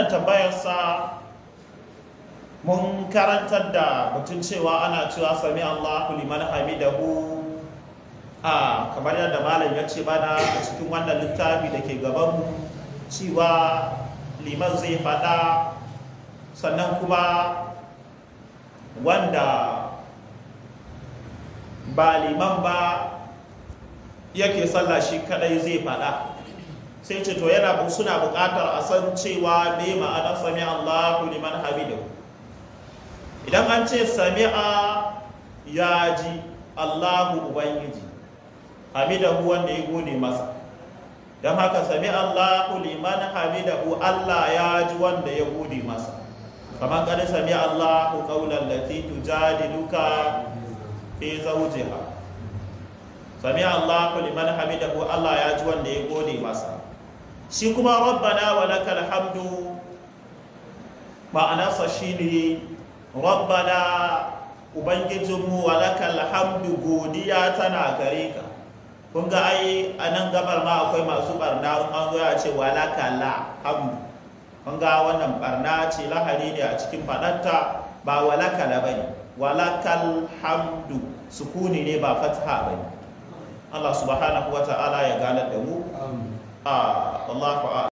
wannan tambayarsa mun karantar da mutum cewa ana cewa sami Allahu liman hamidahu a kamar yadda malam ya ce bana a cikin wannan littafi da ke gaban cewa liman zai faɗa sannan kuma wanda ba liman ba yake sallah shi kadai zai faɗa sai ce to yana suna bukatar a san cewa me ma'anar sami Allahu liman idan an ce sami'a ya ji Allahu ubangiji hamidahu wanda ya gode masa don haka sami Allahu liman hamidahu Allah ya ji wanda ya gode masa kamar kada sami Allahu qaulan lati tujadiluka fi zaujiha sami Allahu liman hamidahu Allah ya ji wanda ya gode masa shi kuma rabbana wa lakal hamdu ma'anarsa shine rabbana ubangijinmu wa lakal hamdu godiya tana gare ka kun ga ai a nan gabar ma akwai masu barna an zo ya ce walaka hamdu kun ga wannan barna ce lahari ne a cikin faɗarta ba walaka la bane walakal hamdu sukuni ne ba fatha bane Allah subhanahu wa ta'ala ya ganar da mu a